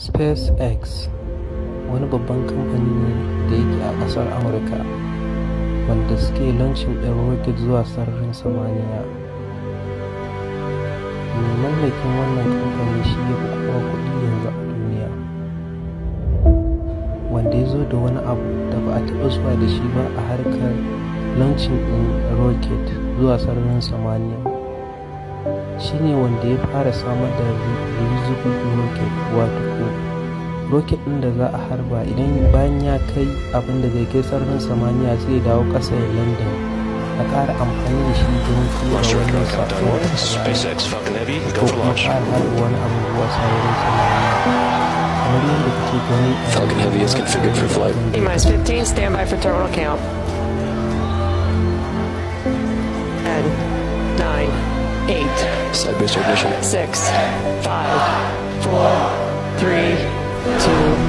spacex wani babban kamfani ne da yake a ƙasar amurka wanda suke lancin ɗin rocket zuwa sararin samaniya mai mallakin wannan kamfani shi ya kowa kuɗi yanzu a duniya wanda ya zo da wani abu da ba a taɓa zuwa da shi ba a harkar lancin ɗin rocket zuwa sararin samaniya shine wanda ya fara samar da rizikun rocket wato ko rocket din da za a harba idan bayan ya kai abin da zai kai sararin samaniya zai dawo kasa ya london a kara amfani da shi don kuwa wannan sakon ko kuma ƙara harba wani abubuwa sararin samaniya Falcon Heavy is configured for flight. E minus 15, standby for terminal count. eight, submission, six, five, four, three, two,